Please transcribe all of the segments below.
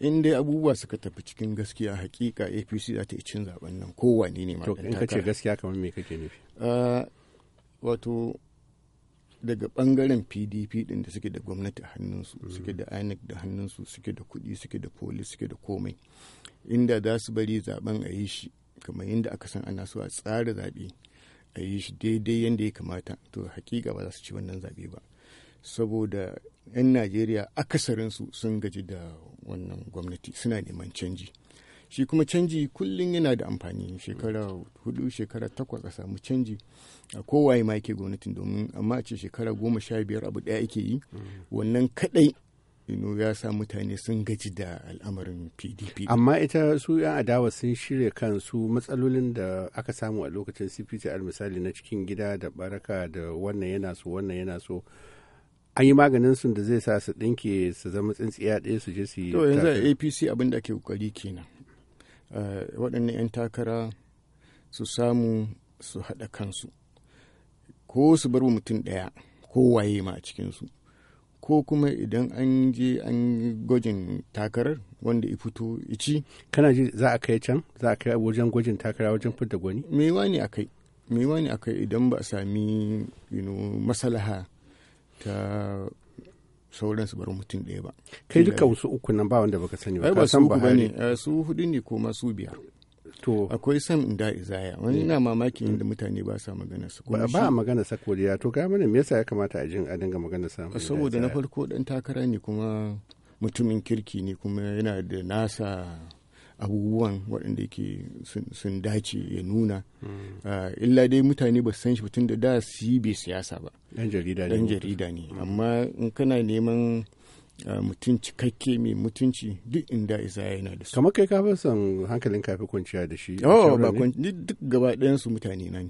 in dai abubuwa suka tafi cikin gaskiya hakika apc za ta yi cin zaben nan kowane ne to in ka gaskiya kamar me kake nufi ah, wato daga bangaren pdp din da suke da gwamnati a hannunsu mm. suke da inec da hannunsu suke da kudi suke da polis suke da komai inda za su bari zaben a yi shi kamar yadda aka san ana so a tsara zaɓe a yi shi daidai yadda ya kamata to hakika ba za su ci wannan zaɓe ba saboda 'yan najeriya akasarinsu sun gaji da wannan gwamnati suna neman canji shi kuma canji kullum yana da amfani shekara hudu shekara takwas a samu canji a kowaye ma yake gwamnatin domin amma a ce shekara goma sha biyar abu daya ake yi wannan kadai ino ya sa mutane sun gaji da al'amarin pdp amma ita su yan adawa sun shirya kansu matsalolin da aka samu a lokacin cptr misali na cikin gida da baraka da wannan yana so wannan yana so an yi maganin sun da zai sa su ɗinke su zama tsintsiya ɗaya su je su yi to yanzu apc abin da ke kokari kenan eh, waɗannan 'yan takara su samu su haɗa kansu ko su bar mutum ɗaya ko waye ma a cikinsu ko kuma idan an je an gwajin takarar wanda ya fito ici kana ji za a kai can za a kai wajen gwajin takara wajen fidda gwani me wani a me wani a idan ba a sami you know, masalaha ta sauran su bar mutum ɗaya ba. Kai duka wasu uku nan ba wanda baka sani ba. Ba su uku bane eh, su hudu ne ko masu biyar. To akwai sam inda izaya wani ina mm. mamaki inda mm. mutane ba sa magana su. Ba a magana sa koriya to ga mana me yasa ya kamata a jin a dinga magana sa. Saboda na farko dan takara ne kuma mutumin kirki ne kuma yana da nasa abubuwan waɗanda ke sun dace ya nuna hmm. ah, illa dai mutane ba san shi ba tunda da su yi bai siyasa ba ɗan jarida ne hmm. amma in kana neman ah, mutum cikakke mai mutunci duk inda isa yana da su kamar kai ka san hankalin kafi kwanciya da shi oh, ba duk gaba ɗayansu su mutane na ne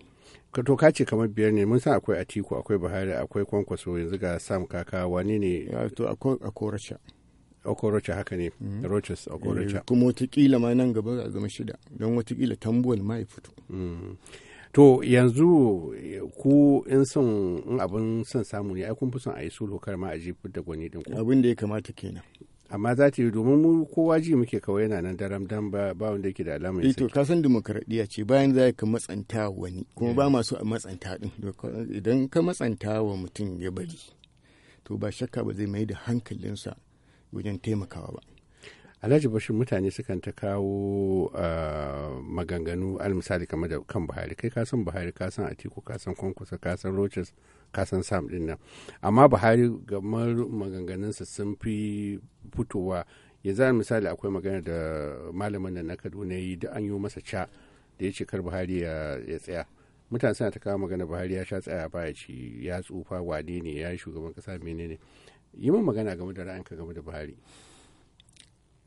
to ka ce kamar biyar ne mun san akwai atiku akwai buhari akwai kwankwaso yanzu ga sam kaka wani ne ah, to akwai akoracha okorocha haka ne mm-hmm. roches okorocha eh, kuma watakila ma nan gaba a zama shida don watakila tambuwal ma ya fito mm. to yanzu ku in son abin son samu ne ai kun fi son a yi sulhu kar ma a jifar da gwani din abin da ya kamata kenan amma za ta yi domin mu kowa ji muke kawai yana nan daram dan ba ba wanda yake da alamar eh, yasa to ka san demokradiya ce bayan za ka matsanta wani kuma ba eh. masu matsanta din idan ka matsanta wa mutum ya bari to ba shakka ba zai mai da hankalinsa wajen taimakawa ba alhaji bashir mutane sukan ta kawo ah, maganganu almisali kamar da kan buhari kai ka san buhari ka san atiku ka san kwankwasa ka san roches ka san sam din amma buhari gamar maganganunsa sun fi fitowa yanzu misali akwai magana da malamin nan na kaduna yi da an yi masa ca da ya ce kar buhari ya tsaya mutane suna ta kawo magana buhari ya sha tsaya baya ci ya tsufa wane ne ya yi shugaban kasa menene yi mun magana game da ra'ayinka game da buhari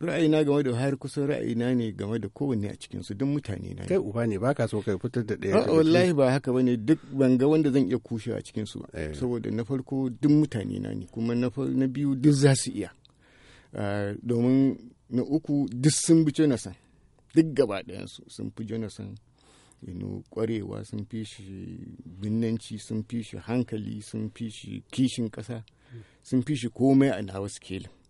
ra'ayina game da buhari kusan ra'ayina ne game da kowanne a cikin su duk mutane na kai uba ne baka so ka fitar da ɗaya a wallahi ba haka bane duk ban ga wanda zan iya kushe a cikin su eh. saboda na farko duk mutane na ne kuma na biyu duk za su iya ah, domin na uku duk sun bi jonathan duk gaba su sun fi jonathan inu kwarewa sun fi shi binnanci sun fi shi hankali sun fi shi kishin ƙasa sun fi shi komai a nawa sikeli